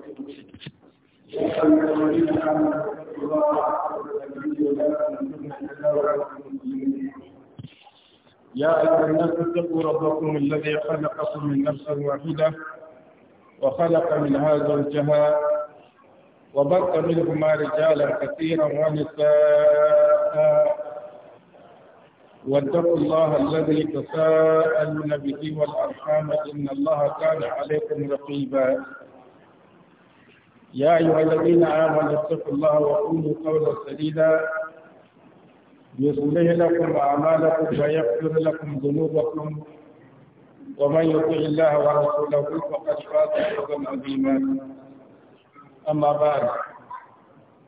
يا أيها الناس اتقوا ربكم الذي خلقكم من نفس واحدة وخلق من هذا الجهة وبث منهما رجالا كثيرا ونساء واتقوا الله الذي تساءلون به والأرحام إن الله كان عليكم رقيبا يا أيها الذين آمنوا اتقوا الله وقولوا قولا سديدا يصلح لكم أعمالكم ويغفر لكم ذنوبكم ومن يطع الله ورسوله فقد فاز فوزا عظيما أما بعد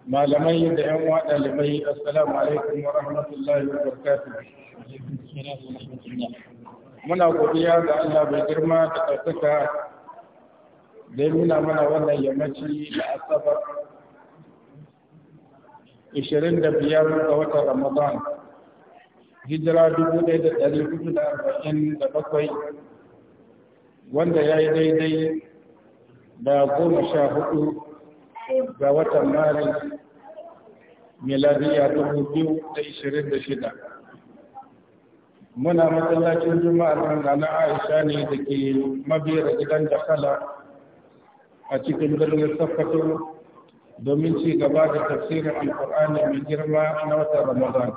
ما لم يدعوا وعد لبي السلام عليكم ورحمة الله وبركاته ورحمة الله ga Allah bai الله da تتكا da nuna mana wannan yammaci na asabar 25 ga watan ramadan hijira 1447 wanda ya yi daidai da goma sha hudu ga watan mari miladiya 2026 muna matsalacin juma'a nan na aisha ne da ke mabiyar gidan da kala a cikin birnin Sokoto domin ci gaba da tafsirin Alƙur'ani mai girma na watan Ramadan.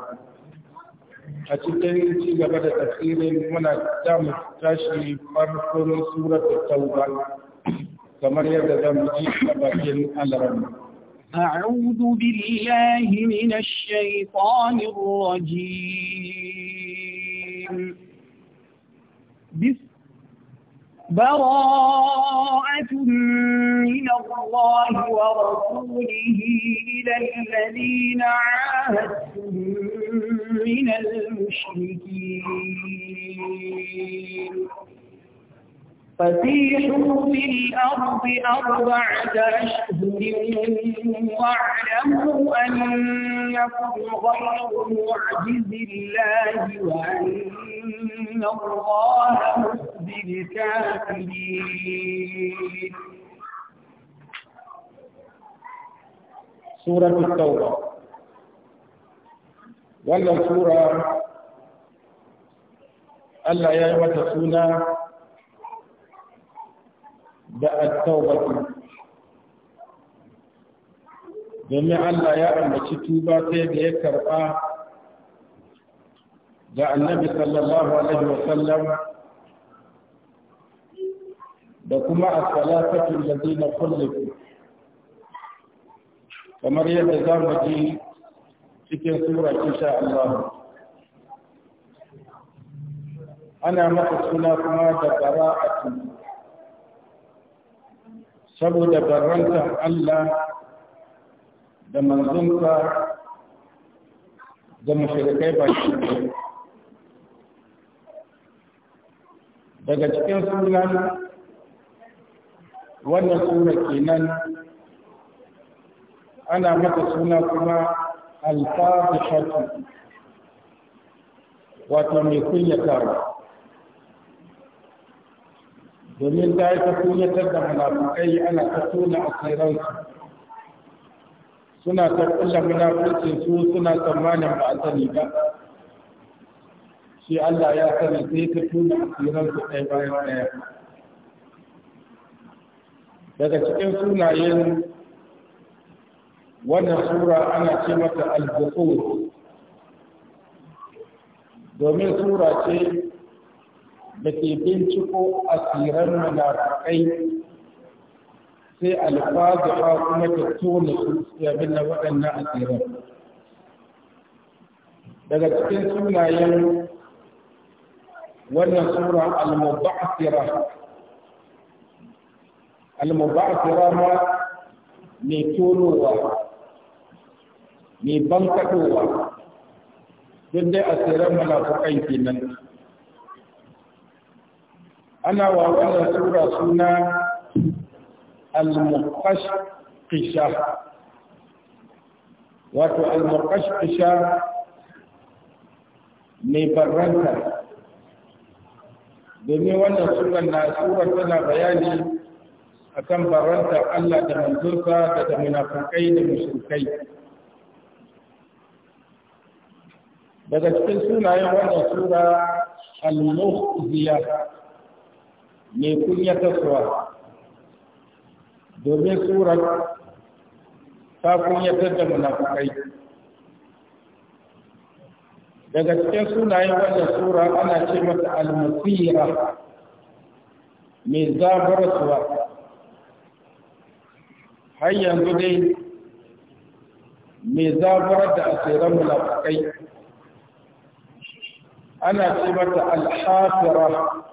A cikin ci gaba da tafsirin muna damu tashi farkon surar Tauba kamar yadda za mu ji a bakin Allah أعوذ بالله من الشيطان الرجيم بسم براءة من الله ورسوله إلى الذين عاهدتم من المشركين فسيحوا في الأرض أربعة أشهر واعلموا أنكم غير معجز الله وأن الله مخزي الكافرين سورة التوبة ولا سورة ألا يا سنة da at domin Allah ya ambaci tuba sai da ya karɓa ga annabi sallallahu alaihi wa sallam da kuma as-salatu allazina khulifu kamar yadda za mu ji cikin sura insha Allah ana maka suna kuma da bara'atu saboda baranta Allah da manzunka da mashirikai ba shi daga cikin sunan wannan sura kenan ana mata suna kuma shafi wato mai kunyatawa domin da ya ta tunatar da munafukai ana ta tuna a tsairansu suna ta da munafurcin su suna tsammanin ba a sani ba shi Allah ya sani sai ta tuna a tsairansu ɗaya bayan ɗaya daga cikin sunayen wannan sura ana ce mata al domin sura ce da ke binciko asiran munafukai sai alfaziha kuma ta tona su yabin na waɗannan asiran daga cikin sunayen wannan sura al-mubasira al-mubasira ma mai tonowa mai bankaɗowa duk dai asiran munafukai kenan ana wa wannan sura suna al-muqashqisha wato al-muqashqisha mai barranta domin wannan sura na sura tana bayani akan barranta Allah da manzurka da da munafikai da mushrikai daga cikin sunayen wannan sura al-mukhziya mai kunyata suwa domin surar ta kunyatar da munafukai daga cikin sunayen wannan sura ana ce mata almasira mai zabaratuwa har yanzu dai mai zabarar da asirar munafukai ana ce mata alhafira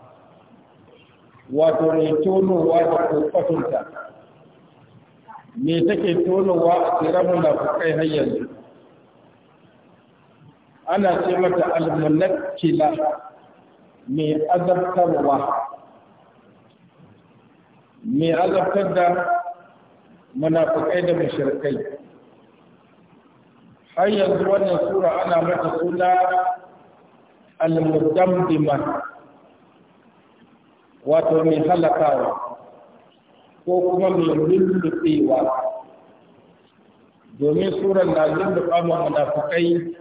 wato ne tonowa da kofatunta me take tonowa a tsirar munafukai har yanzu ana ce mata almunakila mai azabtarwa mai azabtar da munafukai da mashirkai har yanzu wannan sura ana mata suna al-mudammima wato mai halakawa ko kuma mai lullufewa domin tsoron na lullufa ma munafukai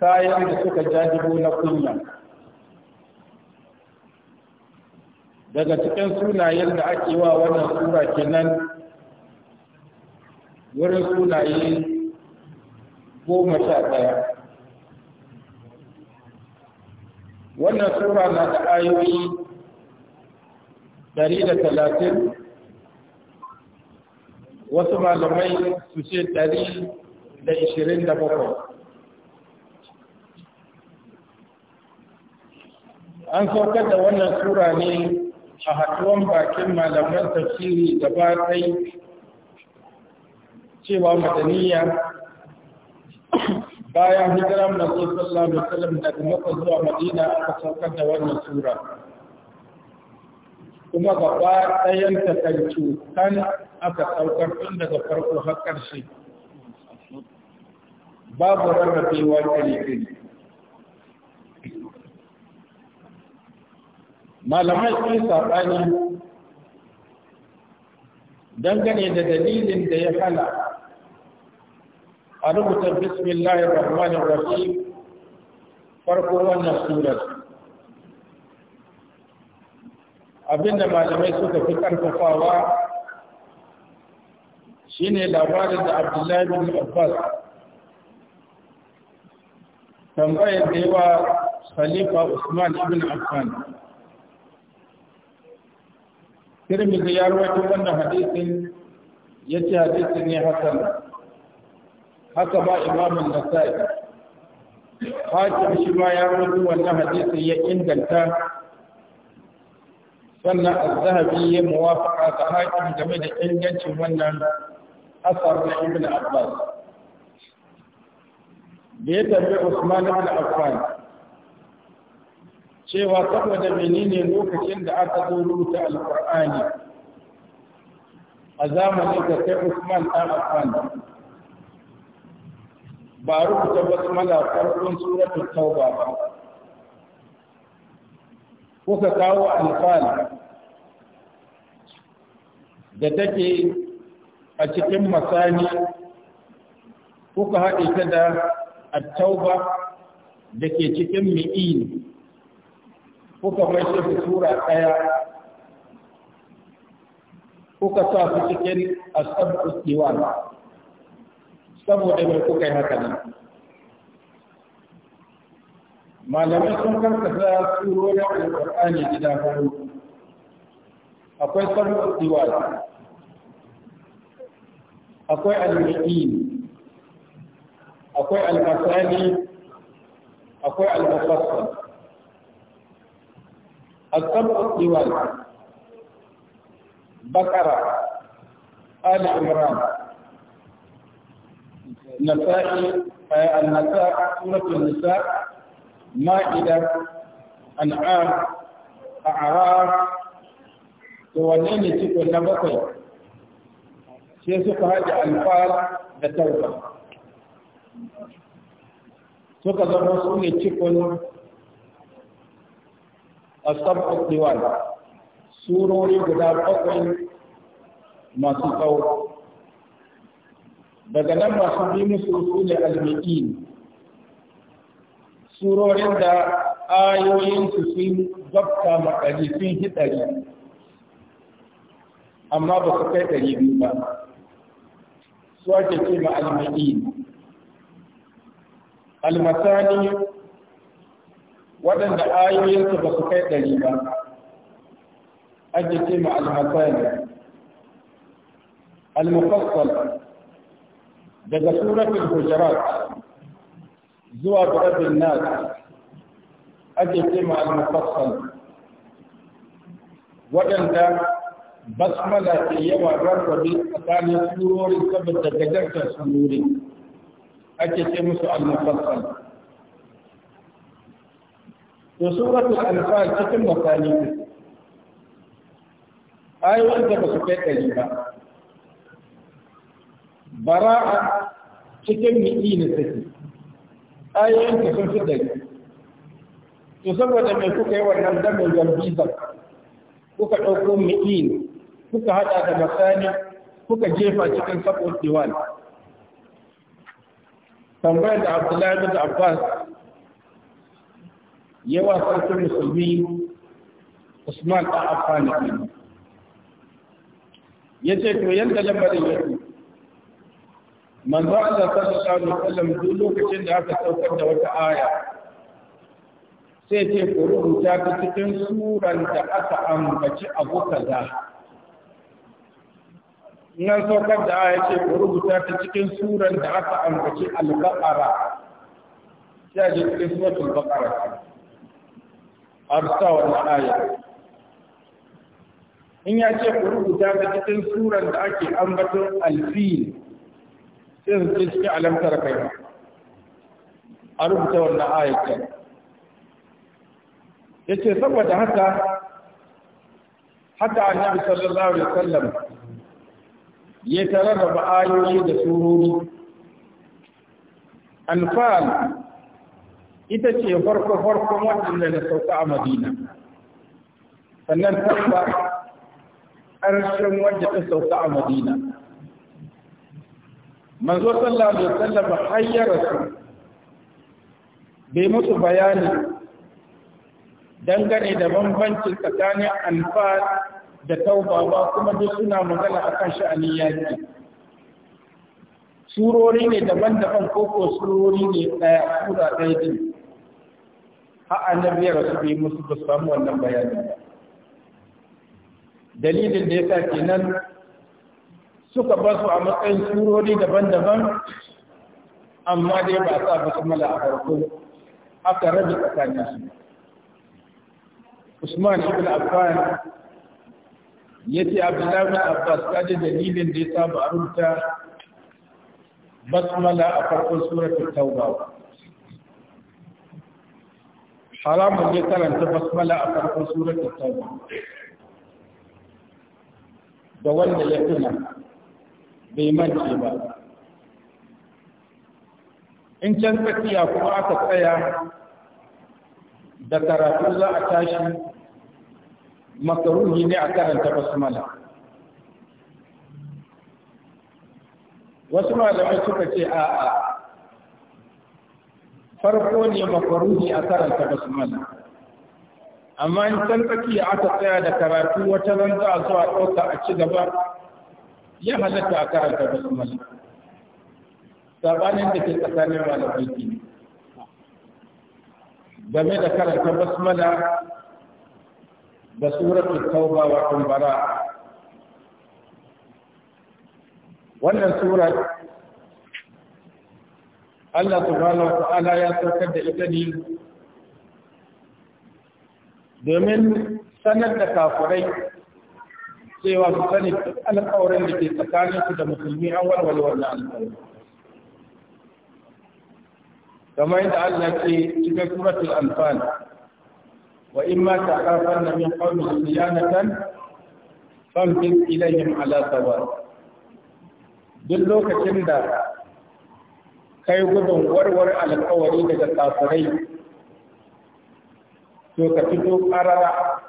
kayan da suka jajibo na kunya daga cikin sunayen da ake wa wannan sura kenan wurin sunaye goma sha ɗaya wannan sura na da ayoyi 130 wasu malamai su ce 127 an saukar da wannan sura ne a haɗuwan bakin malaman tafsiri da ɗai cewa madaniya bayan hijira, manzo sallallahu alaihi wasallam daga Makka zuwa Madina aka saukar da wannan sura kuma gaba ɗayan ta kan aka saukar tun daga farko har ƙarshe babu rarrabewa kiri-kiri malamai sun saɓani dangane da dalilin da ya hala a rubuta bismillahir rahmanir rahim farko wannan surar abinda malamai suka fi ƙarfafawa shine labarin da abdullahi bin abbas tambayar da yawa khalifa usman ibn affan tirmidhi ya rawaito wannan hadisin yace hadisi ne hasan haka ba imamun nasa'i hakim shi ma ya rubuta wannan hadisi ya inganta sannan az-zahabi ya muwafaka ga hakim game da ingancin wannan asar na ibn abbas da ya tambayi usman ibn affan cewa saboda menene lokacin da aka zo rubuta alqur'ani a zamanin da sai usman ta affan ba rubuta basmala farkon suratul tauba ba kuka kawo alfal da take a cikin masani kuka haɗe ta da tauba da ke cikin mi'in kuka mai shi sura ɗaya kuka sa su cikin asabtus diwan saboda mai kuka yi haka nan malamai sun karkasa surorin alƙur'ani gida hudu akwai sarrafa tsiwa akwai al-mu'in akwai al akwai al-mufassal al-sarrafa tsiwa bakara ali imran النساء النساء سورة النساء مائدة أنعام أعراف تونين تكون نبطي شيء هذه أنفال بتوبة سوك zama su ne cikin asabar tiwal surori guda bakwai masu daga nan masu bi musu su ne almi'in surorin da ayoyinsu sun gabta makari sun hitsari amma ba su kai ɗari biyu ba su ake ce ma almi'in almasani waɗanda ayoyinsu ba su kai ɗari ba ake ce ma almasani almufassal daga suratul hujurat zuwa ga rabin nas ake cewa al-mufassal waɗanda basmala ke yawa rarrabe tsakanin surori saboda gajartar surori ake ce musu al-mufassal to suratul anfal cikin masani ayoyin da ba su kai ɗari ba bara'a cikin mi'i na take ayoyin ka sun fi dari to saboda mai kuka yi wannan damar yalbiza kuka ɗauko mi'in kuka haɗa da masani kuka jefa cikin sabon diwan tambayar da abdullahi da abbas yawa sarkin musulmi usman ɗan afani ya ce to yadda lamarin yake manzo Allah sallallahu alaihi wasallam duk lokacin da aka saukar da wata aya sai ce ku rubuta ta cikin suran da aka ambaci abu kaza nan saukar da aya ce ku rubuta ta cikin suran da aka ambaci al-baqara sai ji cikin suratul baqara arsa wannan aya in ya ce ku rubuta ta cikin suran da ake ambaton al-fil sai su ce alamtar kai a rubuta wannan ayatar ya ce saboda haka haka annabi sallallahu alaihi wasallam ya tararraba ayoyi da surori anfal ita ce farko farkon waɗanda na sauka a madina sannan tabba ƙarshen wadda ta sauka a madina manzo sallallahu alaihi wasallam su. bai musu bayani dangane da bambancin tsakanin anfal da tauba kuma duk suna magana akan sha'anin yaki surori ne daban-daban koko surori ne ɗaya sura ɗaya ne ha annabi ya rasu bai musu ba samu wannan bayani dalilin da ya sa kenan suka ba su a matsayin surori daban-daban amma dai ba sa basmala a farko aka rabe tsakanin su Usman ibn Affan ya ce Abdullahi Abbas ta kaje dalilin da ya saba a rubuta basmala a farkon suratul Tauba haramun ya karanta basmala a farkon suratul Tauba da wanda ya tuna bai mance ba in can tafiya kuma aka tsaya da karatu za a tashi makaruhi ne a karanta basmala wasu malamai suka ce a'a farko ne makaruhi a karanta basmala amma in can tafiya aka tsaya da karatu wata ran za a zuwa ɗauka a ci gaba ya halatta a karanta basmala sabanin da ke tsakanin malamai ke game da karanta basmala da suratul tauba wa kumbara wannan surar Allah subhanahu wa ta'ala ya saukar da ita ne domin sanar da kafurai cewa su sani duk alƙawarin da ke tsakanin su da musulmi an walwale wannan alƙawari kamar yadda Allah ce cikin suratul anfal wa in ma na min qawmin khiyanatan fanfis ilayhim ala alasawa. duk lokacin da kai gudun warware alƙawari daga kafirai to ka fito ƙarara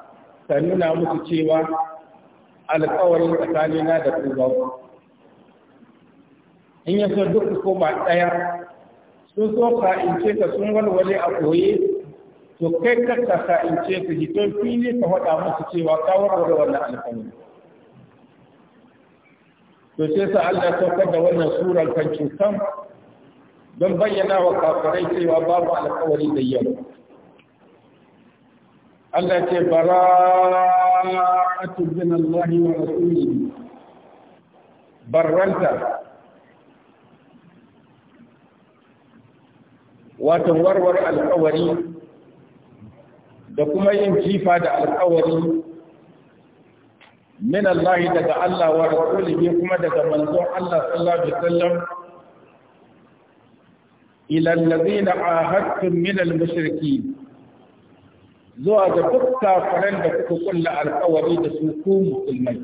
ta nuna musu cewa alƙawarin tsakanina da ku ba in ya so duk koma ɗaya sun so ka in ce ka sun walwale a koye to kai kakka ka in ce ka hito fili ka faɗa musu cewa ka warware wannan alƙawari to sai sa Allah saukar da wannan surar kan cutan don bayyana wa kafirai cewa babu alƙawari da yau Allah ce bara'atu min Allah wa rasulihi barranta wato warwar alƙawari da kuma yin jifa da alƙawari min Allah daga Allah wa rasulihi kuma daga manzon Allah sallallahu alaihi wasallam ila allazina ahadtum min al-mushrikeen zuwa da duk kafiran da kuka kulla alkawari da su ku musulmai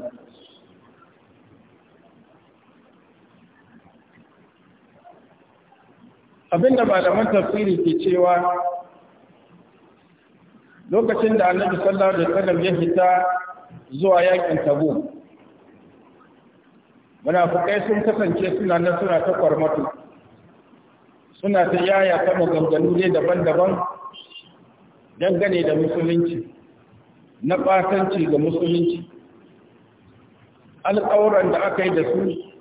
abinda malaman tafsiri ke cewa lokacin da annabi sallallahu alaihi wasallam ya fita zuwa yakin tabuk munafukai sun kasance suna nan suna ta kwarmatu suna ta yaya ta maganganu ne daban-daban dangane da musulunci na ɓatanci ga musulunci alƙawuran da aka yi da su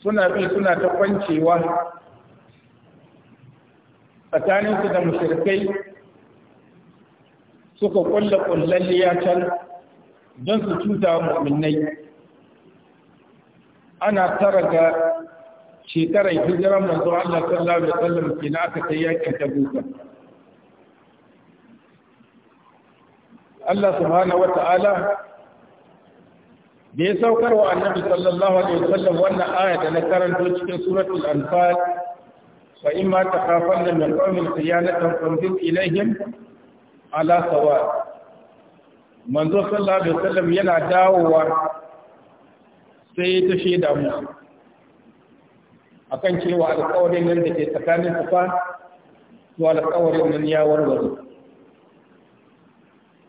suna bi suna ta kwancewa tsakaninsu da mashirkai suka kulla kullalliya liyatar don su cuta mu'minnai ana tara ga shekarar hijirar manzo Allah sallallahu alaihi wasallam na aka kai yakin gusa Allah subhanahu wa ta'ala bai saukar wa annabi sallallahu alaihi wasallam wannan aya da na karanto cikin suratul anfal fa imma takhafanna min qaumin khiyanatan fanzil ilaihim ala sawa manzo sallallahu alaihi wasallam yana dawowa sai ta shaida musu akan cewa alƙawarin nan da ke tsakanin su fa to alƙawarin nan ya warware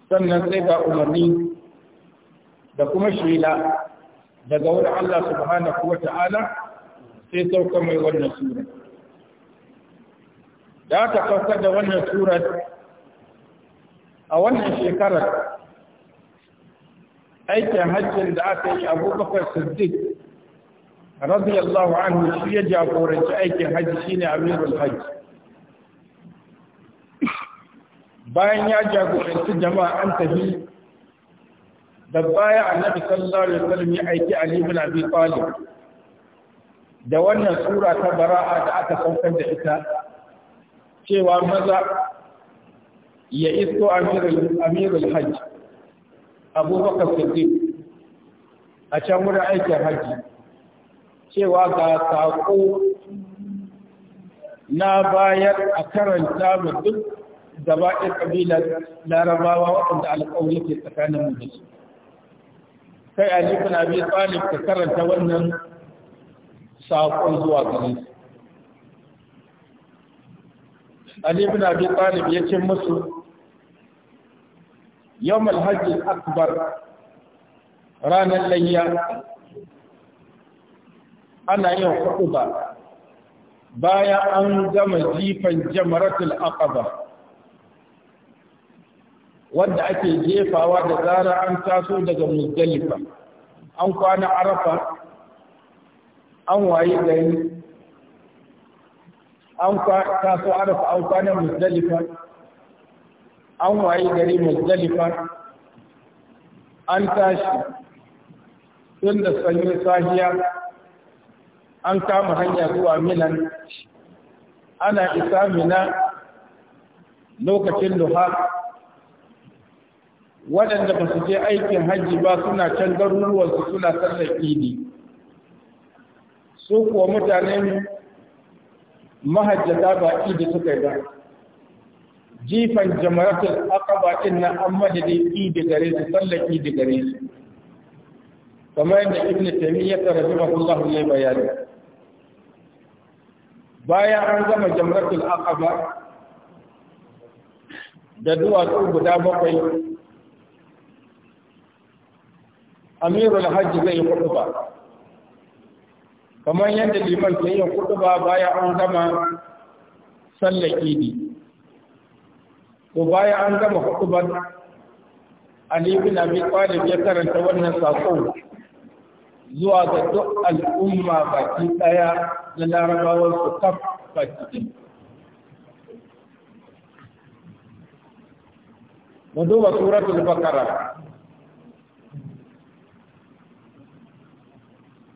sannan sai ga umarni da kuma shela daga wani Allah subhanahu wa ta'ala sai sauka mai wannan sura da aka sauka da wannan sura a wannan shekarar aikin hajjin da aka yi abubakar siddiq radiyallahu anhu shi ya jagoranci aikin hajji shine amirul hajji bayan ya jagoranci jama'a an tafi da baya annabi sallallahu alaihi wasallam ya aiki Ali ibn Abi Talib da wannan sura ta bara'a da aka saukar da ita cewa maza ya isko amirul amirul hajj Abubakar Siddiq a can wurin aikin hajji cewa ga saƙo na bayar a karanta mu duk gaba ɗaya ƙabilar larabawa waɗanda alƙawari ke tsakanin mu da su kai ali bin abi talib ka karanta wannan saƙon zuwa gare su ali bin abi talib ya ce musu yawmal hajji akbar ranar layya ana yin huɗu ba bayan an gama jifan jamaratul aqaba Wanda ake jefawa da zara an taso daga muzdalifa an kwana arafa an waye gari an taso arafa an kwana muzdalifa an waye gari muzdalifa an tashi tun da sanyi sahiya an kama hanya zuwa milan ana isa mina lokacin duha waɗanda ba su je aikin hajji ba suna can garuruwansu suna sallar idi su kuwa mutanen mahajjata ba idi suka yi ba jifan jamaratul aqaba din nan an madadin idi gare su sallar idi gare su kamar yadda ibnu taymiyyah rahimahullah ya bayani bayan an gama jamaratul aqaba da duwatsu guda bakwai amiru hajji zai yi kutuba kamar yadda liman ke yin kutuba baya an gama sallar idi Ko baya an gama kutubar Ali bin Abi Talib ya karanta wannan sako zuwa ga duk al'umma baki daya na larabawar su kaf baki mu duba suratul bakara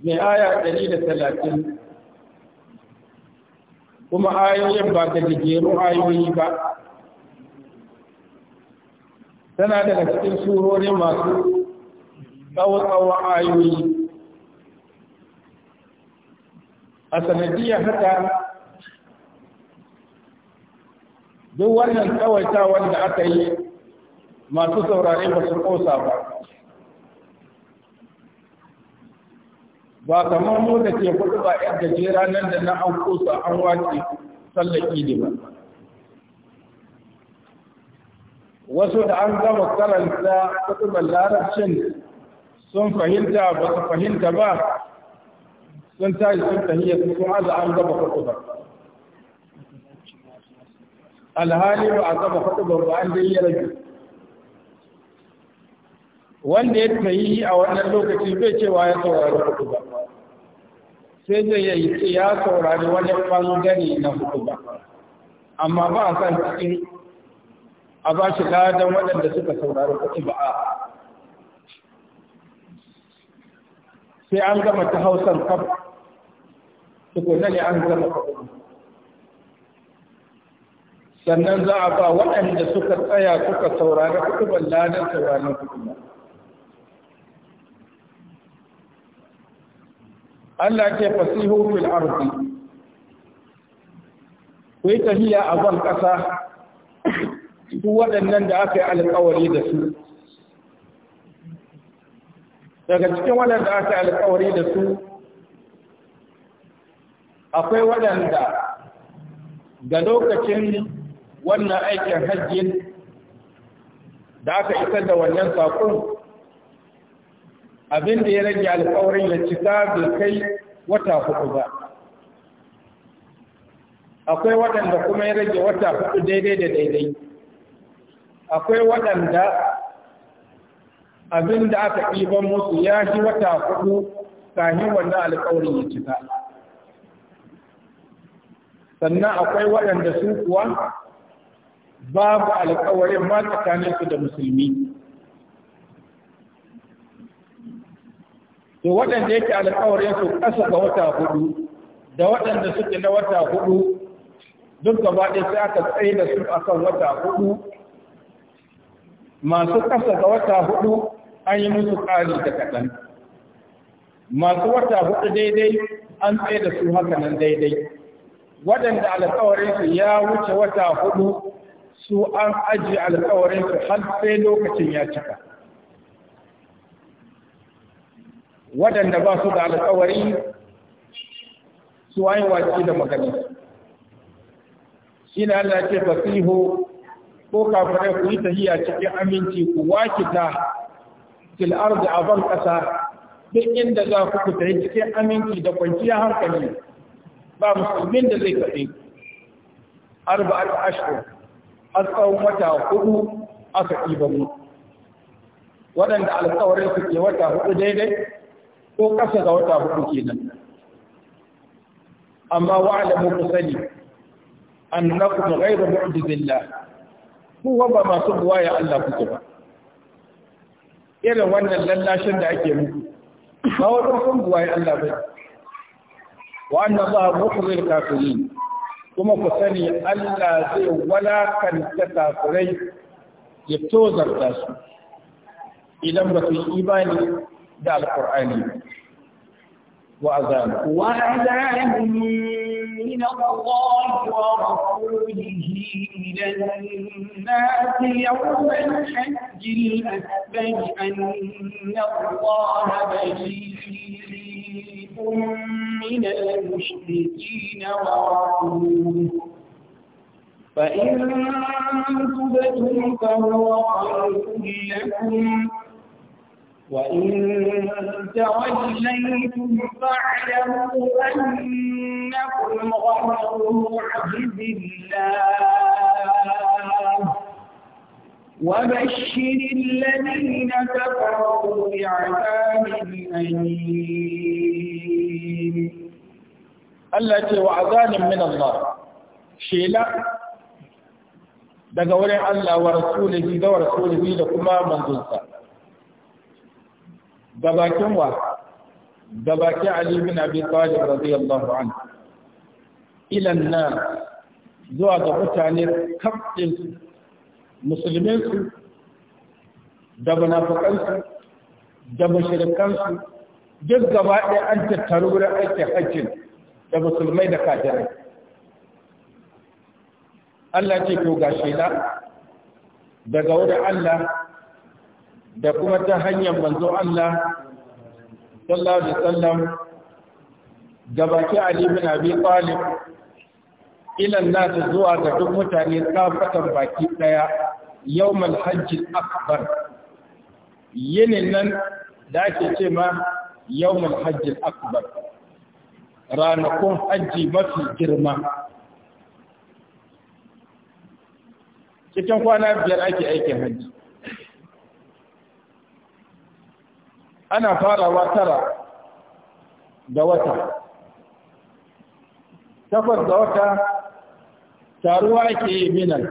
mai aya ɗari da talatin kuma ayoyin ba da jigeru ayoyi ba tana daga cikin surori masu tsawon ayoyi a sanadiyar haka duk wannan tsawaita wanda aka yi masu saurare ba su ƙosa ba ba kamar mu da ke kudu ba yan gajera nan da na an kusa an wace sallar idi ba wasu da an gama karanta kutubar larabcin sun fahimta ba su fahimta ba sun tashi sun tahiyya su sun aza an gama kutubar alhali ba a gama kutubar ba an dai yi rage. wanda ya tayi a wannan lokaci bai cewa ya saurari hutuba ba sai zai yi ya saurari wani bangare na hutuba ba amma ba a san cikin a ba shi ladan waɗanda suka saurari hutuba ba sai an gama ta hausar kaf tukuna ne an gama sannan za a ba waɗanda suka tsaya suka saurari hutuban ban ladan saurari hutuba ba Allah ke fasihu fil ardi ku yi tafiya a ban ƙasa duk waɗannan da aka yi alƙawari da su daga cikin waɗanda aka yi alƙawari da su akwai waɗanda ga lokacin wannan aikin hajjin da aka isar da wannan saƙon abin da ya rage alƙawarin ya cika bai kai wata hudu ba akwai waɗanda kuma ya rage wata hudu daidai da daidai akwai waɗanda abin da aka ɗiban musu ya shi wata hudu kahin wanda alƙawarin ya cika sannan akwai waɗanda su kuwa babu alƙawarin ma tsakaninsu da musulmi to waɗanda yake alƙawarin su ƙasa ga wata hudu da waɗanda suke na wata hudu duk gaba ɗaya sai aka tsaye da su akan wata hudu masu ƙasa ga wata hudu an yi musu ƙari da kaɗan masu wata hudu daidai an tsaye da su haka nan daidai waɗanda alƙawarin su ya wuce wata hudu su an ajiye alƙawarin su har sai lokacin ya cika waɗanda ba su da alƙawari su wayewa ci da magana shi ne Allah ce fasihu ko kafirai ku yi tahiya cikin aminci ku ta fil ardi a ban ƙasa duk inda za ku ku tafi cikin aminci da kwanciyar hankali ba musulmin da zai kaɗe arba'at ashhur a tsawon wata hudu aka ɗiba mu waɗanda alƙawarin su ke wata hudu daidai ko kasa ga wata hudu kenan amma wa'alamu ku sani annakum ghayru mu'jizillah ku ba masu buwaya Allah kuke ba irin wannan lallashin da ake muku ba wani kun buwaya Allah ba wa anna Allah mukhzil kafirin kuma ku sani Allah zai walakanta kafirai ya tozarta su idan ba su yi imani دال قرآني وأذان وأذان من الله ورسوله إلى الناس يوم الحج الأكبر أن الله بريء من المشركين ورسوله فإن تبتم فهو خير لكم وإن توليتم فاعلموا أنكم غير عبد الله وبشر الذين كفروا بعذاب أليم التي وعذاب من الله شيلة daga wurin Allah wa rasulihi da rasulihi da kuma manzonsa da bakin wa da bakin Ali bin Abi Talib radiyallahu anhu ilan na zuwa ga mutane kafin musulminsu da munafikansu da mushrikansu duk gaba ɗaya an tattaru wurin aikin hajjin da musulmai da kafirai Allah ce ko gashi na daga wurin Allah da kuma ta hanyar manzo Allah sallallahu alaihi wasallam gabaki Ali bin Abi Talib ila nasu zuwa ga duk mutane kafatan baki daya yawmal hajji akbar yinin nan da ake ce ma yawmal hajji akbar ranakun hajji mafi girma cikin kwana biyar ake aikin hajji ana farawa tara da wata takwas da wata taruwa ke yi minan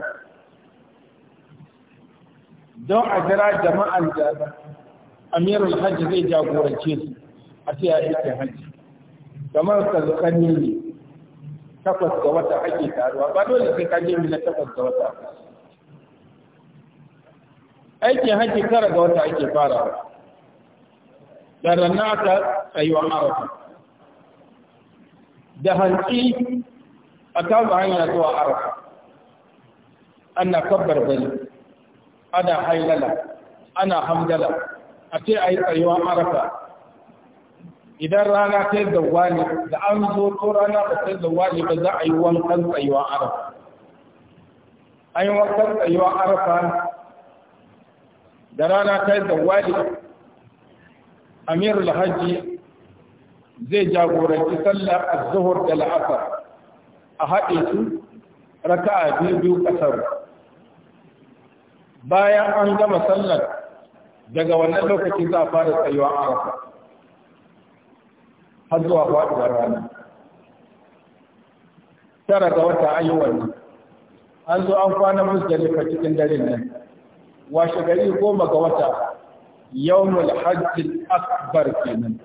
don a jira jama'an da amirul hajji zai jagorance su a siya a hajji kamar sarkani ne takwas ga wata ake taruwa ba dole sai kaje mina takwas ga wata aikin hajji tara ga wata ake farawa daranaka tsayuwar arafa da hanci a kama hanyar zuwa arafa ana kabbar bari ana hailala ana hamdala a ce a yi tsayuwar arafa idan rana ta zauwa ne da an zo ko rana ba ta zauwa ne ba za a yi wankan tsayuwar arafa an yi wankan tsayuwar arafa da rana ta zauwa ne amirul hajji zai jagoranci sallar az-zuhur da la'asar a haɗe su raka'a biyu biyu ƙasar bayan an gama sallar daga wannan lokacin za a fara tsayuwa a rasa har zuwa faɗuwar rana tara ga wata an yi an zo an kwana musdalifa cikin dare nan washe gari goma ga wata yawmul hajji akbar kenan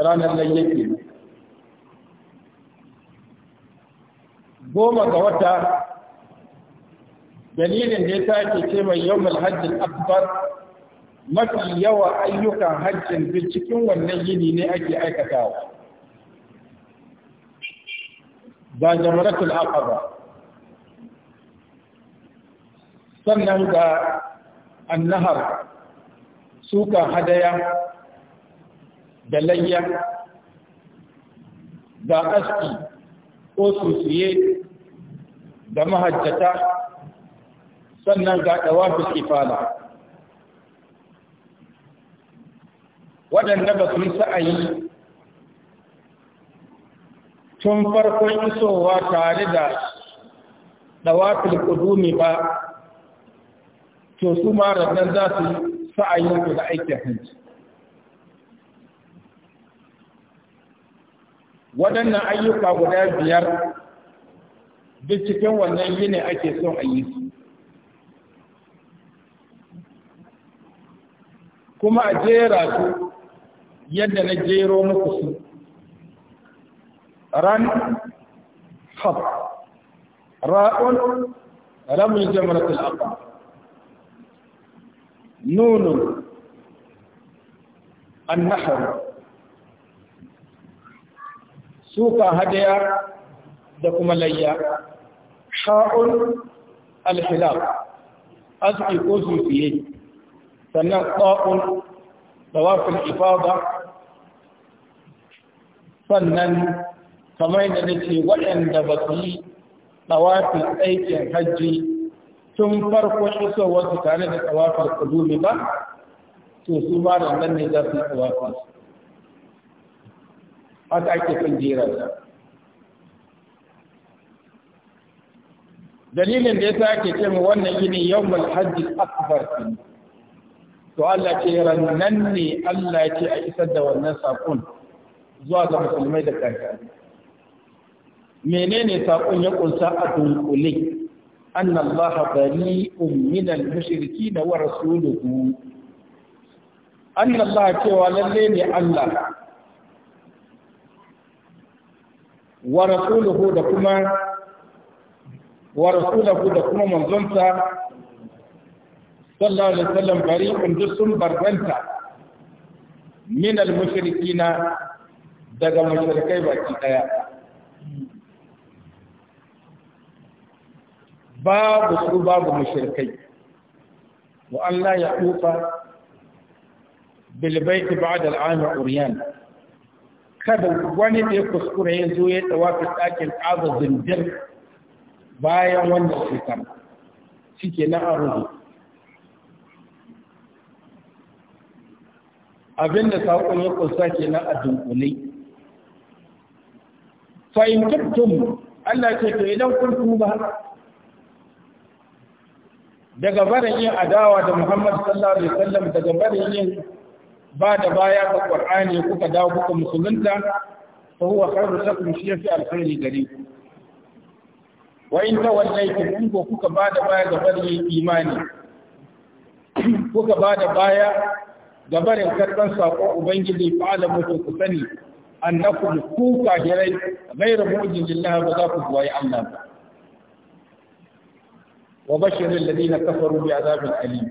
ranar nan yake goma ga wata dalilin da ya ce mai yawmul hajji akbar mafi yawa ayyukan hajjin duk wannan yini ne ake aikatawa ga jamaratul aqaba sannan ga annahar suka hadaya da layya da aski ko susiye da mahajjata sannan ga ɗawafin kifala waɗanda ba su yi sa'ayi tun farkon isowa tare da ɗawafin ƙudumi ba to su ma za su ku da aikin hajji waɗannan ayyuka guda biyar duk cikin wannan ne ake son a yi su kuma a jera su yadda na jero muku su ran haf ra'un ramin jamaratul aqaba Nunu, annahar suka hadaya da kuma layya sha'un alhilaf aski ko sufiye sannan ƙa'un tawafin ifada sannan kamar da nake waɗanda ba yi tawafin aikin hajji tun farko iso wasu tare da tsawafar kudumi ba to su ba da nan ne za su yi tsawafin su haka ake kan jera dalilin da ya sa ake ce wannan gini yau mai hajji akbar to Allah ce rannan ne Allah ce a isar da wannan saƙon zuwa ga musulmai da kafirai menene saƙon ya ƙunsa a dunkulai أن الله بريء من المشركين ورسوله أن الله تعالى لين الله ورسوله دكما ورسوله دكما من ظنسا صلى الله عليه وسلم بريء جسم برزنتا من المشركين دقا مشركي باكي باب سر باب مشركي وأن لا يحوط بالبيت بعد العام عريان كذا وان يقص قرين زوية توافق أكل عظ زندر بايا وان يسيطان سيكينا أرضي أبين تاوكو يقول ساكينا أدنقني فإن تبتم أن لا تتعلم كنتم بها daga barin yin adawa da Muhammad sallallahu alaihi wasallam daga barin yin ba da baya ga Qur'ani kuka dawo kuka musulunta fa huwa khairu lakum shi fi alkhairi gari wa in tawallaytum in ko kuka ba da baya ga barin imani kuka ba da baya ga barin karban sako ubangiji fa alamu ku sani annakum ku kafirai ghairu mu'jizillahi wa za ku goyi Allah wa bashirin ladina kafaru bi azabin alim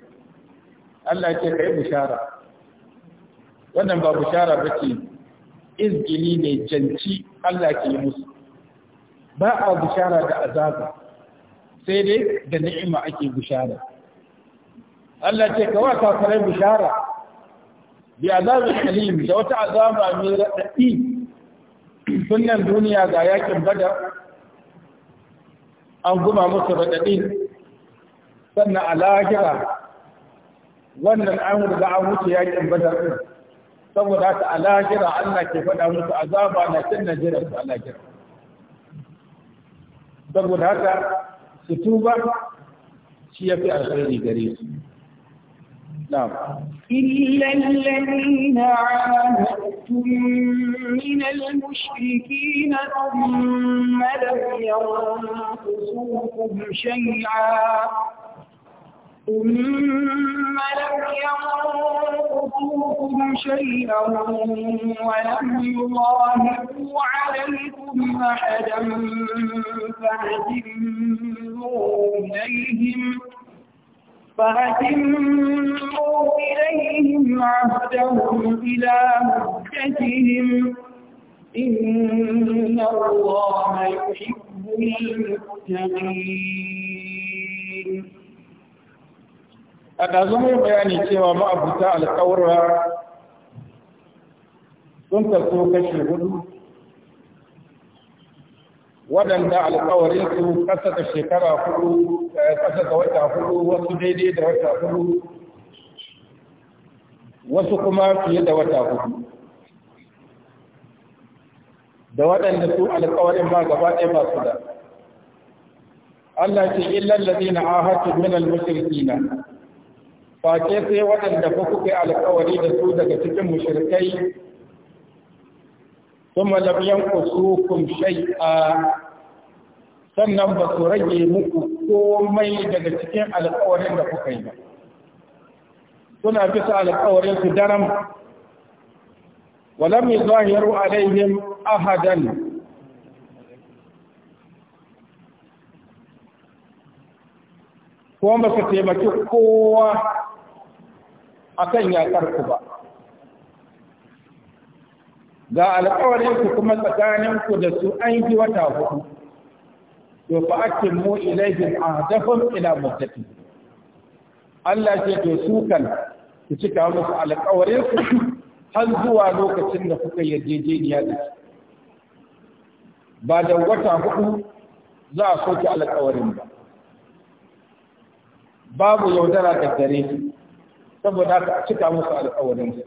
Allah ce ka yi bishara wannan ba bishara bace izgili ne janci Allah ke musu ba a bishara da azaba sai dai da ni'ima ake bishara Allah ce ka wa kafirai bishara bi azabin alim da wata azaba mai radadi sunan duniya ga yakin Bada an guma musu radadin sannan a lahira wannan an riga an wuce yakin badar din saboda haka a lahira Allah ke faɗa musu azaba na cin Najeriya su a lahira saboda haka su tuba shi ya fi alkhairi gare su نعم إلا الذين عاهدتم من المشركين ثم لم ينقصوكم شيئا ثم لم ينقصوكم شيئا ولم يظاهروا عليكم أحدا فأتموا إليهم فأتموا إليهم عهدهم إلى مدتهم إن الله يحب المتقين a ɗazu mai bayani cewa ma'abuta alkawarwa sun kaso kashe hudu waɗanda alƙawarin su ƙasa da shekara hudu eh, ƙasa da wata hudu wasu daidai da wata hudu wasu kuma fiye da wata hudu da waɗanda su alƙawarin ba gaba ɗaya ba su da Allah ce illal a ahadtu min al-mushrikina Fake sai waɗanda ku kuka alkawari da su daga cikin mushrikai kuma lam yanqusukum shay'a sannan ba su rage muku komai daga cikin alkawarin da kuka yi ba suna bisa alkawarin su daram walam yuzahiru alaihim ahadan kuma ba su taimaki kowa akan ya ku ba ga alƙawarin ku kuma tsakanin ku da su an yi wata hudu to fa atimmu ilaihim ahdafum ila muddati Allah ce to su kan ku cika musu alƙawarin ku har zuwa lokacin da kuka yarjejeniya da su ba da wata hudu za a soke alƙawarin ba babu yaudara da gare saboda haka a cika musu alƙawarin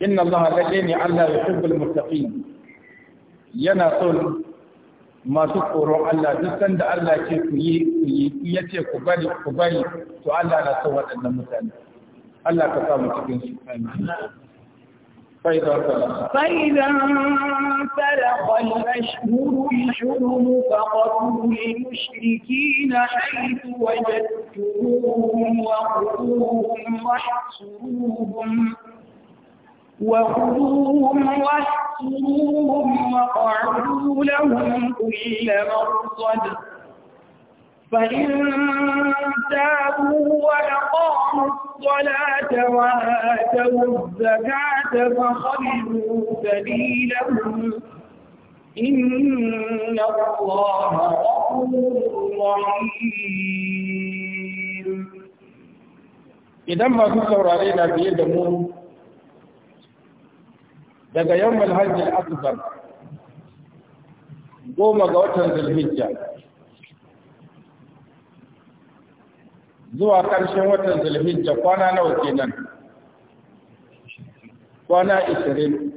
inna Allah lalle ne Allah ya tubbul muttaqin yana son masu tsoron Allah duk sanda Allah ce ku yi ku yi ya ce ku bari ku bari to Allah na son waɗannan mutane Allah ka sa mu cikin su amin فإذا انسلخ فإذا انسلخ الأشهر الحرم فقتلوا المشركين حيث وجدتموهم وخذوهم واحصروهم وخذوهم واحصروهم وقعدوا لهم كل مرصد فإن تابوا ولقاموا الصلاة وآتوا الزكاة فخبروا سبيلهم إن الله غفور رحيم إذا ما تصور علينا في يد مون يوم الهج الأكبر قوم قوة ذي zuwa ƙarshen watan zulhijja kwana nawa kenan kwana 20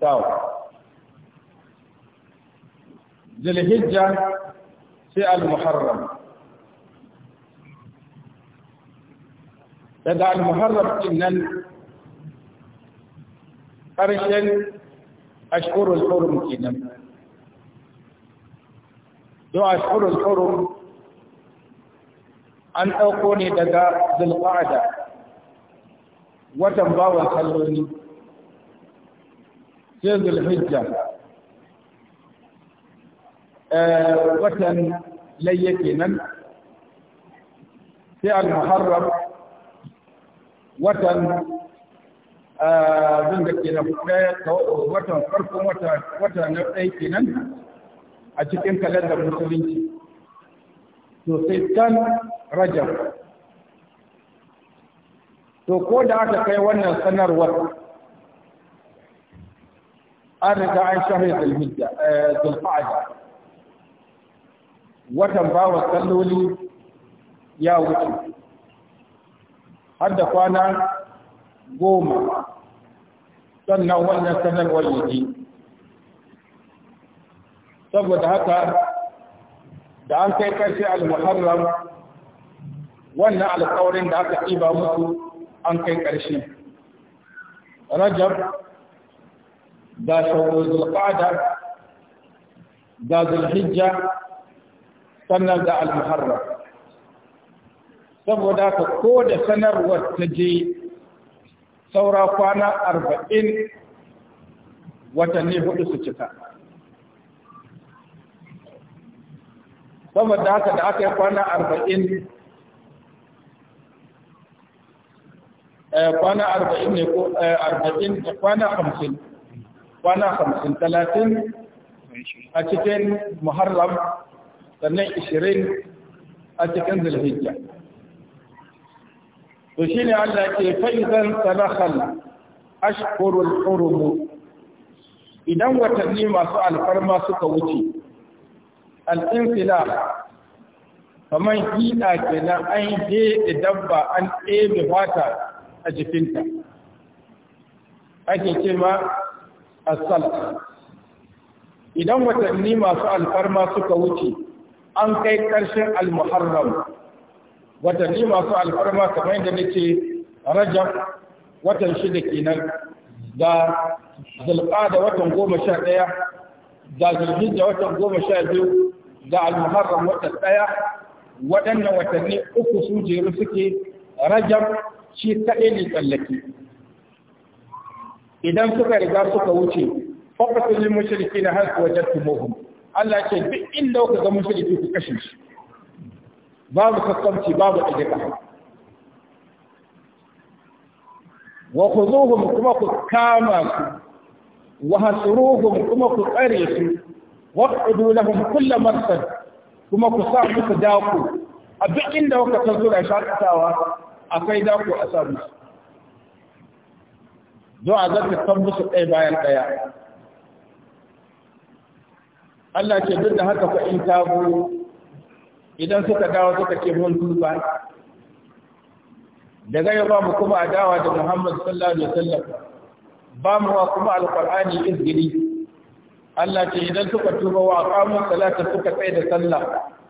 sawa zulhijja sai al-muharram daga al-muharram din nan ƙarshen ashhurul hurum kenan do ashhurul hurum an ɗauko ne daga zulqa'ada watan bawan salloli sai zulhijja watan layya kenan sai al-muharram watan abin da ke nan watan farkon wata na ɗaya kenan a cikin kalandar musulunci to sai can rajab to ko da aka kai wannan sanarwar an riga an shahri zulhijja eh, watan bawa salloli ya wuce har da kwana goma sannan wannan sanarwar yaji saboda haka da an kai karshe al-muharram wannan alƙawarin da aka ɗiba musu an kai ƙarshe rajab da shawo zulqa'ada da zulhijja sannan da almuharram saboda ka ko da sanarwar ta je saura kwana arba'in watanni hudu su cika saboda haka da aka yi kwana arba'in Eh, kwana arba'in ne ko eh, arba'in da kwana hamsin kwana hamsin talatin a cikin muharram sannan ishirin a cikin zulhijja to shi ne Allah ke fa'izan salahal ashkurul hurumu idan watanni masu alfarma suka wuce al'insila kamar hina kenan an heɗe dabba an ɗebe fata a jikinta ake ce ma asal idan watanni masu alfarma suka wuce an kai ƙarshen almuharram watanni masu alfarma kamar yadda nake rajab watan shida kenan da ga da watan goma sha ɗaya ga zulhijja watan goma sha biyu da almuharram watan ɗaya waɗannan watanni uku su jeru suke rajab shi kaɗai ne tsallaki idan suka riga suka wuce faƙasun lil mushriki na har wajen tumuhum Allah ce duk inda kuka ga mushriki ku kashe shi babu sassauci babu ɗaga wa ku khuzuhum kuma ku kama su wa hasruhum kuma ku tsare su wa qudu lahum kullu marsad kuma ku sa musu daku a duk inda kuka san suna shakatawa akwai dako a sa musu don a zarta san musu ɗaya bayan ɗaya Allah ce duk da haka fa in tabu idan suka dawo suka ce mun duba. daga yau ba mu kuma adawa da Muhammad sallallahu alaihi wasallam ba mu wa kuma alqur'ani izgiri Allah ce idan suka tuba wa kamun salata suka tsaye da sallah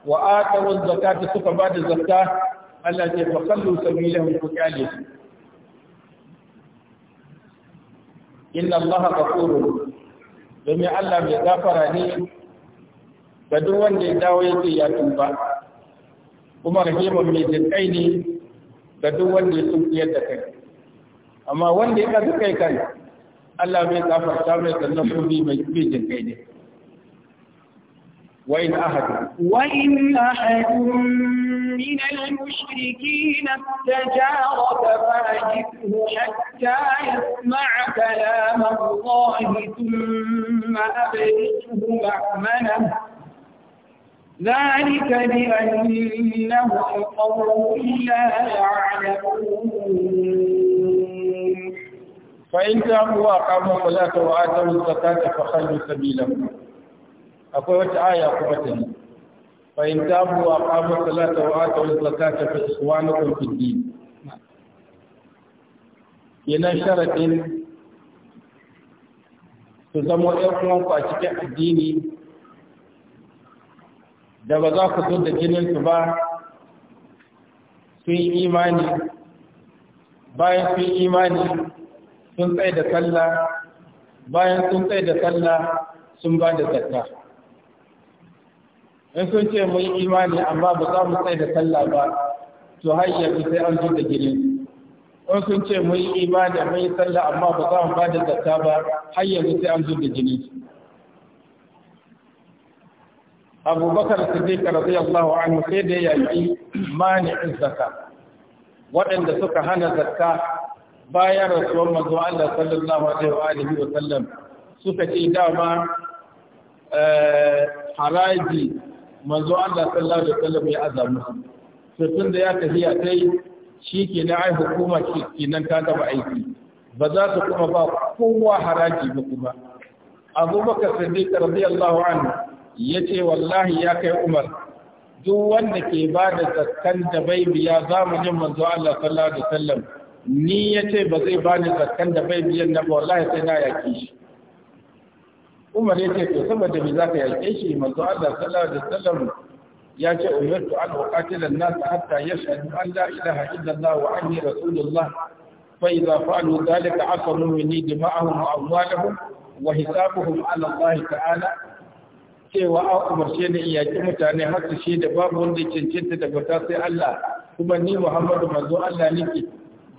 wa atu zakata suka ba da zakka Allah zai fa kallu sabilahu ku kyale inna Allah ghafurun domin Allah mai gafara ne ga duk wanda ya dawo yake ya tuba kuma rahimun mai jinkai ne ga duk wanda ya tunkiyar da kai amma wanda ya kasu kai kan Allah mai gafarta mai sannan kuma mai jinkai ne وإن أحد وإن أحد من المشركين استجارك فاجده حتى يسمع كلام الله ثم أبلغه مأمنه ذلك بأنه قوم لا يعلمون فإن تابوا وأقاموا الصلاة وآتوا الزكاة فخلوا سبيلهم أقول آية قوتني فإن تابوا وأقاموا الصلاة وآتوا الزكاة فإخوانكم في الدين ينا sharaɗin su إخوان uwanku a cikin addini da ba za ku zo da jininsu ba sun imani bayan sun imani sun tsaye sallah bayan sun tsaye sallah sun ba da in sun ce mu yi imani amma ba za mu tsaye da sallah ba to har yanzu sai an zo da gini in sun ce mu yi imani mu yi sallah amma ba za mu ba da zakka ba har yanzu sai an zo da gini abubakar siddiq radiyallahu anhu sai da ya yaki mani'in zakka waɗanda suka hana zakka bayan rasuwar manzo Allah sallallahu alaihi wa alihi wa sallam suka ce dama eh, haraji manzo Allah sallallahu alaihi wasallam ya azama to tun da ya tafiya kai shi ke na ai hukuma ke nan ta gaba aiki ba za ta kuma ba kowa haraji ba kuma abubakar siddiq radiyallahu anhu yace wallahi ya kai umar duk wanda ke ba da zakkan da bai biya zamanin manzo Allah sallallahu alaihi wasallam ni yace ba zai ba ni zakkan da bai biyan na wallahi sai na yaki shi umar yake to saboda me zaka yake shi manzo Allah sallallahu alaihi wasallam ya ce umirtu an uqatila an-nas hatta yashhadu an la ilaha illa Allah wa anni rasulullah fa idza fa'alu dhalika aqamu minni dima'ahum wa amwalahum wa hisabuhum 'ala Allah ta'ala cewa an umarce ni in yaki mutane har su shi da babu wanda cancanta da bata sai Allah kuma ni Muhammadu manzo Allah nake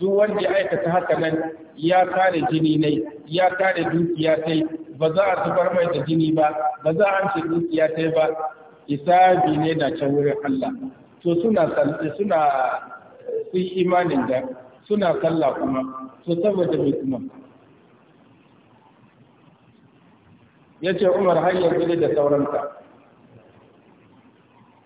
duk wanda ya aikata haka nan ya kare jini ne ya kare dukiya sai ba za a tubar mai da jini ba ba za a ce dukiya ta ba isabi ne na can wurin Allah to suna suna sun imanin da suna sallah kuma to saboda mai kuma ya ce umar har yanzu da sauranta.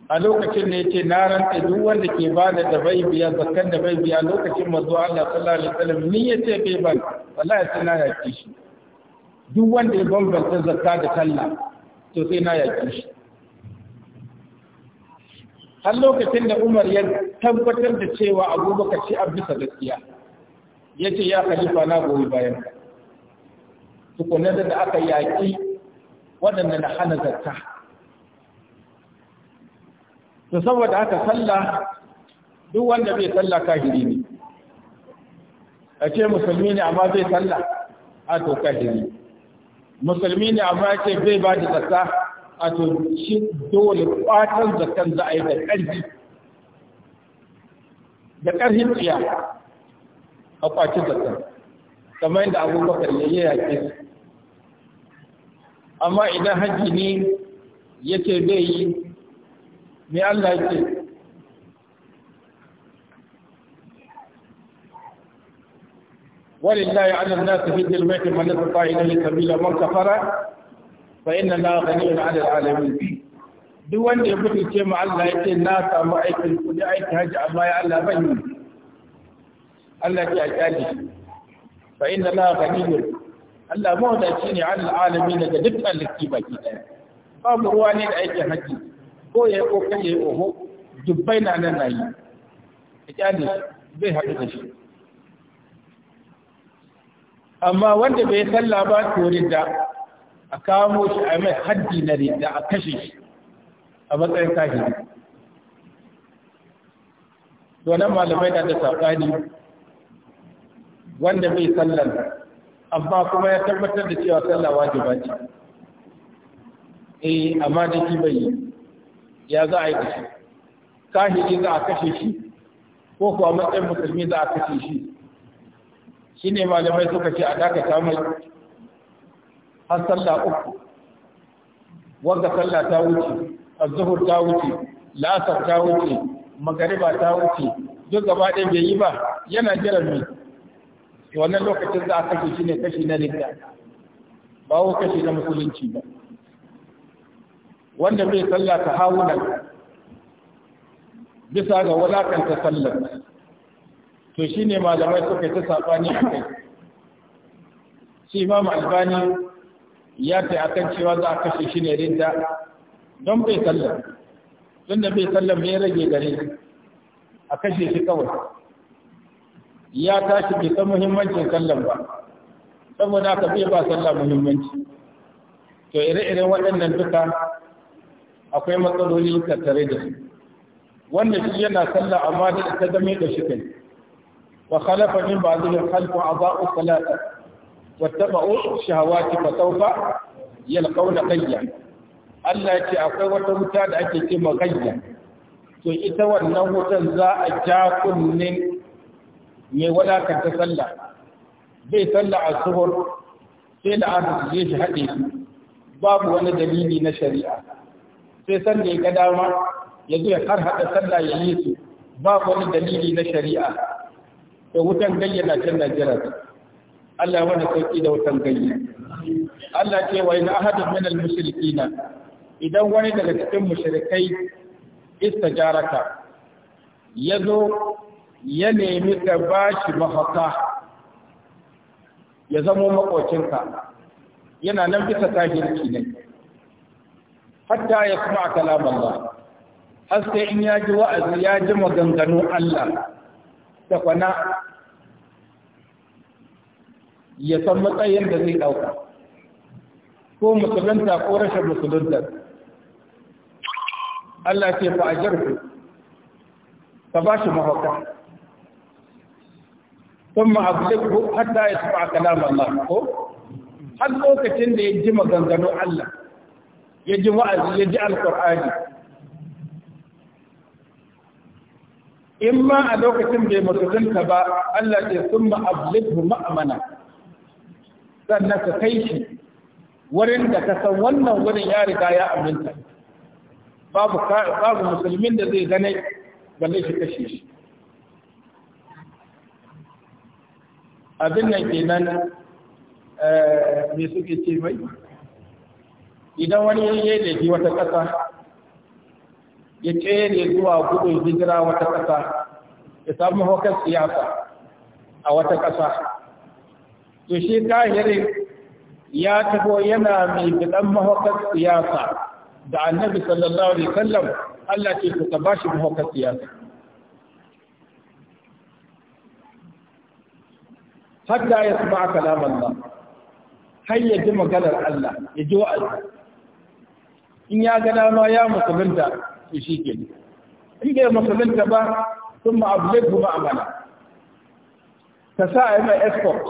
a lokacin ne ce na ranta duk wanda ke ba da bai biya zakkan da bai biya lokacin mazuwa Allah sallallahu alaihi wasallam ni ya ce bai ban wallahi sai na yaki shi duk wanda ya bambanta zakka da talla, to sai na yaƙi shi har lokacin da Umar ya tabbatar da cewa Abubakar shi a bisa gaskiya ya ce ya khalifa na goyi bayan ka tukunan da aka yaƙi waɗanda na hana zakka to saboda haka sallah duk wanda bai sallah kahiri ne a ce musulmi ne amma bai sallah a to kahiri musulmi ne amma ce zai ba da zaka a to dole kwatar zakkan za a yi da ƙarfi da ƙarfin tsiya a kwacin zakkan kamar yadda abubakar ya yi yaƙi amma idan hajji ne yake zai yi mai Allah ce ولله على الناس في الميت من استطاع اليه سبيلا من كفر فان الله غني عن العالمين duk wanda ya mutu ce ma Allah ya ce na samu aikin kuɗi aiki haji amma ya Allah ban yi Allah ya kyali fa inna la ghaniyyu Allah mawdaci ne al alamin daga duk alki baki daya babu ruwa ne da aikin haji? ko ya ko kai ya oho dubbai na nan nayi kyali bai haɗu da shi amma wanda bai salla ba to ridda a kamo shi a mai haddi na ridda a kashe shi a matsayin to nan malamai na da saɓani wanda bai sallan, amma kuma ya tabbatar da cewa sallah wajiba ce eh amma da shi bai yi ya za a yi kashe kahiri za a kashe shi ko kuwa matsayin musulmi za a kashe shi shi ne malamai suka ce a dakata mai har sallah uku wanda sallah ta wuce azuhur ta wuce lasar ta wuce magariba ta wuce duk gaba ɗaya bai yi ba yana jiran mai wannan lokacin za a kashe shi ne kashi na rinda ba wa kashi na musulunci ba wanda bai sallah ta hawunan bisa ga wadakanta sallar to shi ne malamai suka ta saɓani a kai shi imam albani ya ta akan cewa za a kashe shi ne rinta don bai sallam don da bai sallam ne rage gare a kashe shi kawai ya tashi bai san muhimmancin sallam ba saboda ka bai ba sallah muhimmanci to ire-iren waɗannan duka akwai matsaloli tattare da su wanda shi yana sallah amma da ta zama da shi kai وخلف من بعدهم خلف أضاءوا الصلاة واتبعوا الشهوات فسوف يلقون غيا Allah ya ce akwai wata wuta da ake ce magayya to ita wannan wutan za a ja kunnen mai wadakanta sallah bai sallah a suhur sai da aka je shi haɗe babu wani dalili na shari'a sai sanda ya ga dama ya har sallah ya yi su babu wani dalili na shari'a da wutan gayya na can Najeriya Allah wani sauƙi da wutan gayya Allah ce wa ina ahadin min al-mushrikina idan wani daga cikin mushrikai istajaraka yazo ya nemi ka bashi mahaka ya zamo makocinka yana nan bisa tahirki ne hatta ya kuma a Allah har sai in ya ji wa'azi ya ji maganganun Allah Takwana ya san matsayin da zai ɗauka ko musulunta ko rashin musulunta Allah ce fa a ku ka ba shi mahauka sun ma'abulikku hatta ya a kalam Allah ko har lokacin da ya ji maganganu Allah ya ji wa'azi ya ji alƙur'ani in ma a lokacin bai musulunta ba Allah ce sun ma'ablidhu ma'amana sannan ka kai shi wurin da ka san wannan wurin ya riga ya aminta babu babu musulmin da zai gane balle shi kashe shi abin nan kenan eh, me suke ce mai idan wani yayye da ji wata kasa ya tsere zuwa gudun hijira wata ƙasa ya samu hokar siyasa a wata ƙasa to shi kahirin ya taho yana mai bidan mahokar siyasa da annabi sallallahu alaihi sallam Allah ce ku ba shi mahokar siyasa hatta ya saba kalam Allah har ya ji maganar Allah ya ji wa'azi in ya ga dama ya musulunta to shi ke in ga masalanta ba sun kuma ba amana ka sa a yi mai escort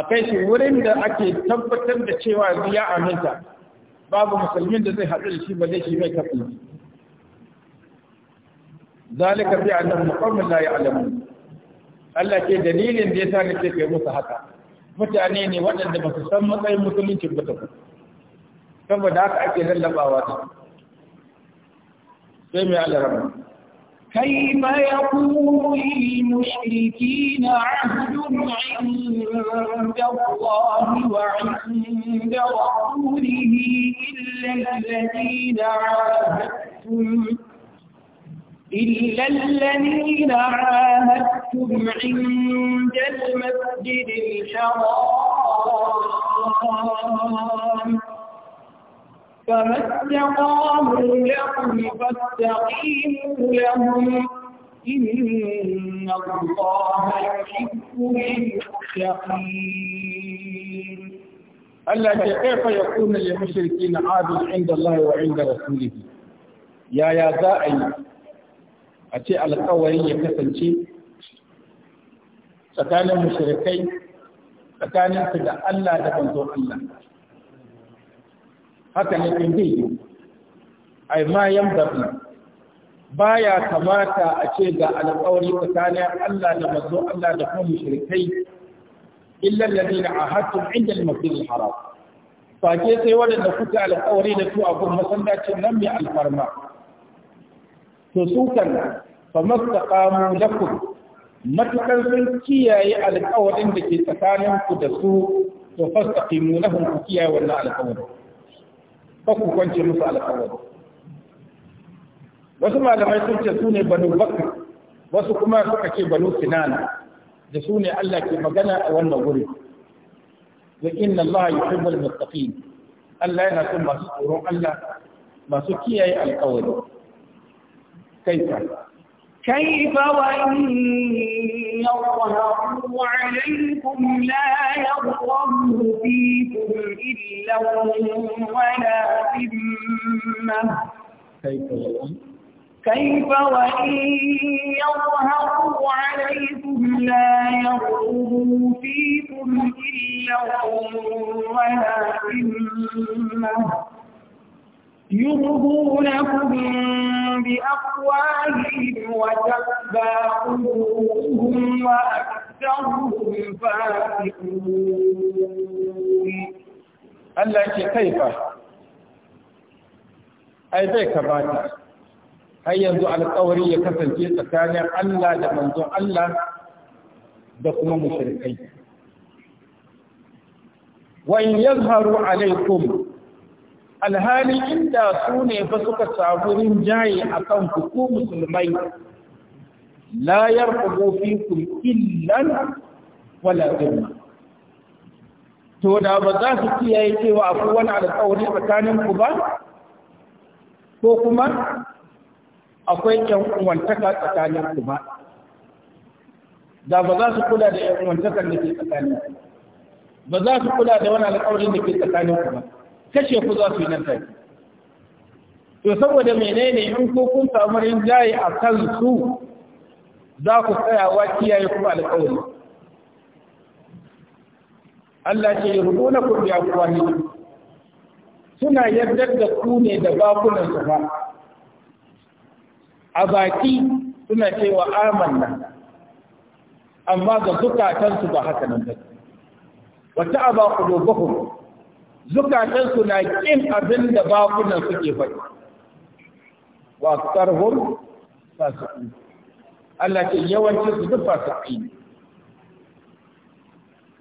a kai shi wurin da ake tabbatar da cewa yanzu ya aminta babu musulmin da zai haɗu da shi ba zai shi mai kafin zalika bi annahum qaumun la ya'lamun Allah ke dalilin da yasa nake kai musu haka mutane ne waɗanda ba su san matsayin musulunci ba ta saboda haka ake lallabawa ta كيف يقول للمشركين عهد عند الله وعند رسوله إلا الذين عاهدتم إلا الذين عاهدتم عند المسجد الحرام فما استقاموا لهم فاستقيموا لهم إن الله يحب المتقين Allah ce kaifa ya kuna ya mushriki na abin inda Allah wa inda rasulihi yaya za a yi a ce alkawarin ya kasance tsakanin mushrikai da Allah da Allah haka ne in zai yi ai ma yan Ba ya kamata a ce ga alƙawari tsakanin Allah da manzo Allah da kuma mushrikai illa alladhina ahadtum inda al-masjid al-haram fake sai wanda kuka alƙawari da su a gurin masallacin nan mai alfarma to su kan famastaqamu lakum matukan sun kiyaye alƙawarin da ke tsakanin ku da su to fastaqimu lahum ku kiyaye wannan alƙawarin ba ku kwance musu alƙawari wasu malamai sun ce su ne banu bakar wasu kuma suka ce banu sinana da su ne Allah ke magana a wannan wuri wa inna Allah yuhibbul muttaqin Allah yana son masu tsoron Allah masu kiyaye alƙawari kaifa كيف وإن يظهروا عليكم لا يظهروا فيكم إلا ولا ذمة كيف وإن كيف وإن يظهروا عليكم لا يرغبوا فيكم إلا ولا ذمة يرضونكم بأفواههم وتأبى قلوبهم وأكثرهم فاسقون Allah ke kaifa, ai zai kamata, har yanzu alkawari ya kasance tsakanin Allah da manzon Allah da kuma mushrikai. Wa in yazharu alaikum alhali inda su ne fa suka samu rinjaye a kan ku musulmai la yarqubu ku illan wala to da ba za su kiyaye cewa akwai wani alƙawari tsakanin ku ba ko kuma akwai 'yan uwantaka tsakanin ku ba da ba za su kula da 'yan uwantakan da ke tsakanin ku ba za su kula da wani alƙawarin da ke tsakanin ku ba kashe ku za su yi nan take to saboda menene in ko kun samu rinjaye a kan su za ku tsaya tsayawa kiyaye kuma alƙawari Allah ce yurduna ku bi afwahi suna yadda da ku ne da bakunan su ba a baki suna cewa amanna amma ga su ba haka nan ba wata aba ku. zukatansu na ƙin abin da bakunan suke faɗi wa karhum fasiki Allah ce yawanci su duk fasiki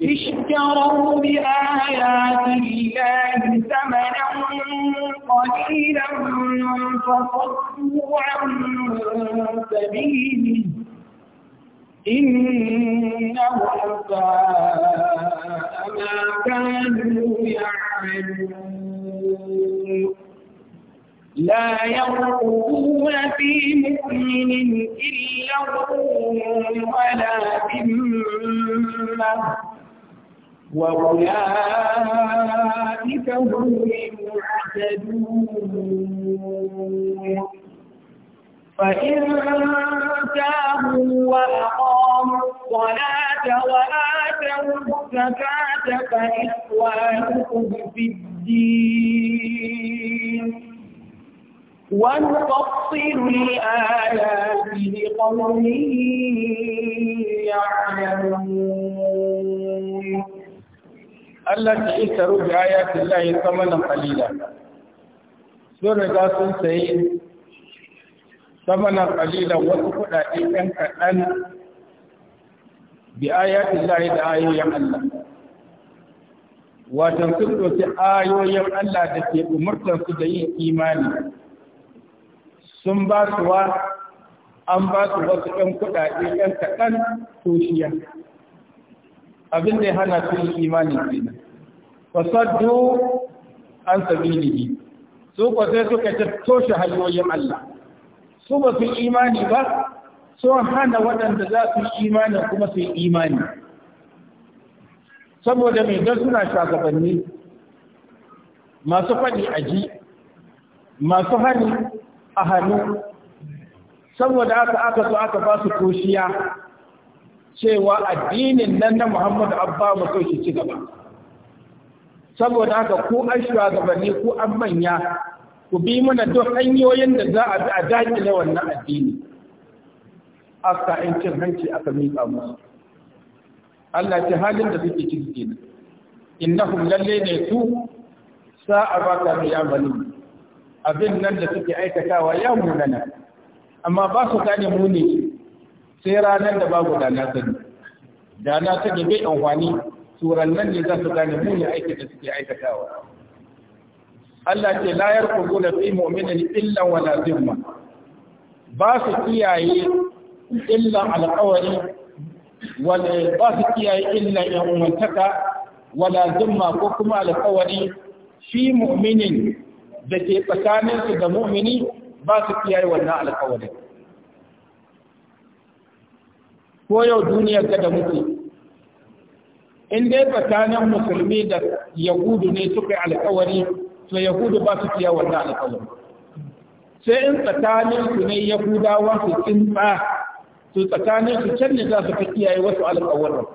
اشتروا بآيات الله ثمنا قليلا فصدوا عن سبيله إنهم ساء ما كانوا يعملون لا يرقبون في مؤمن إلا ولا ذمة وأولئك هم المعتدون فإن تابوا وأقاموا الصلاة وآتوا الزكاة فإخوانكم في الدين ونفصل الآيات لقوم يعلمون التي اشتروا بآيات الله ثمنا قليلا سورة قاسم samanan kalila wasu kuɗaɗe ɗan kaɗan bi ayatin lahi da ayoyin Allah watan sun ɗauki ayoyin Allah da ke umurtar su da yin imani sun ba su wa an ba su wasu ɗan kuɗaɗe ɗan kaɗan toshiya abin da ya hana su yin imani kenan fasaddu an sabili su ko sai suka ta toshe hanyoyin Allah su ba su imani ba sun hana waɗanda za su imani kuma su imani saboda mai don suna shagabanni masu faɗi aji masu hani a hannu saboda aka aka so aka ba su koshiya cewa addinin nan na muhammadu abba mu shi ci gaba saboda haka ko an shugabanni ko an manya ku bi mana duk hanyoyin da za a bi a dakile wannan addini aka in cin hanci aka miƙa musu Allah ce halin da suke ciki kenan innahum lalle ne su sa'a ba ka mai amalin abin nan da suke aikatawa ya munana amma ba su gane muni sai ranar da babu dana sani dana ta bai amfani turan nan ne za su gane muni aikin da suke aikatawa Allah ce la yarqubuna fi mu'minin illa wala zimma ba su kiyaye illa alqawli wal ba su kiyaye illa yan umantaka wala zimma ko kuma alqawli fi mu'minin da ke tsakanin su da mu'mini ba su kiyaye wannan alqawli ko yau duniyar da muke in dai tsakanin musulmi da yahudu ne suka yi alƙawari. to yahudu ba su fiya wannan alƙawarin sai in tsakanin su ne yahudawa su tsinta to tsakanin su can ne za su fi kiyaye wasu alƙawarin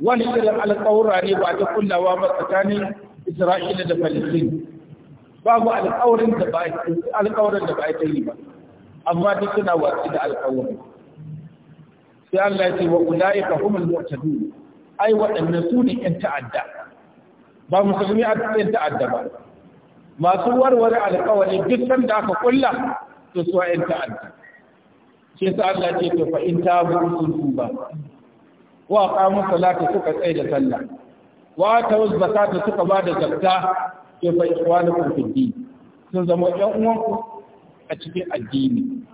wani irin alƙawura ne ba ta kullawa ba tsakanin isra'ila da palestine babu alƙawarin da ba alƙawarin da ba a yi ba amma duk suna watsi da alƙawarin sai Allah ya ce wa ulaika humul mu'tadun ai waɗannan su ne ƴan ta'adda ba musulmi a cikin ta'adda ba masu warware alƙawari duk sanda aka kulla to su wa'in ta'adda shi sa Allah ce to fa in ta sun tuba wa qamu salata suka tsaya da sallah wa ta zakata suka ba da zakka to fa ikhwanukum fi din sun zama ƴan uwanku a cikin addini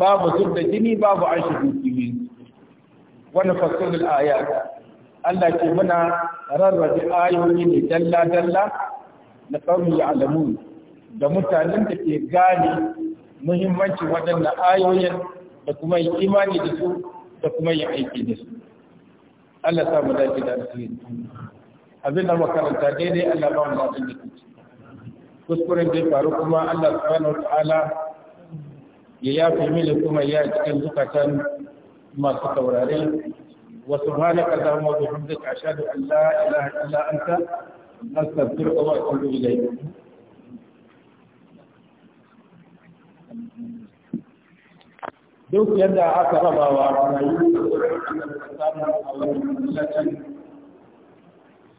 babu zubda jini babu aishu dukiyoyi wannan fasalul ayat Allah ke muna rarrabe ayoyi ne dalla-dalla na ya alamu da mutanen da ke gane muhimmancin waɗannan ayoyin da kuma yi imani da su da kuma yi aiki da su. Allah samu dace da alfahari. Abin da makaranta daidai Allah ba mu dace da kuci. Kuskuren da ya faru kuma Allah subhanahu wa ala ya yafe mini kuma ya cikin zukatan masu taurari وسبحانك اللهم وبحمدك اشهد ان لا اله الا انت استغفرك واتوب اليك duk yadda aka raba wa rayu da samun alamun lalacin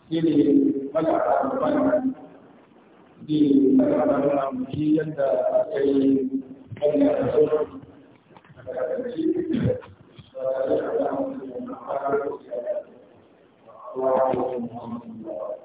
shi ne da وعلى آله وصحبه وسلم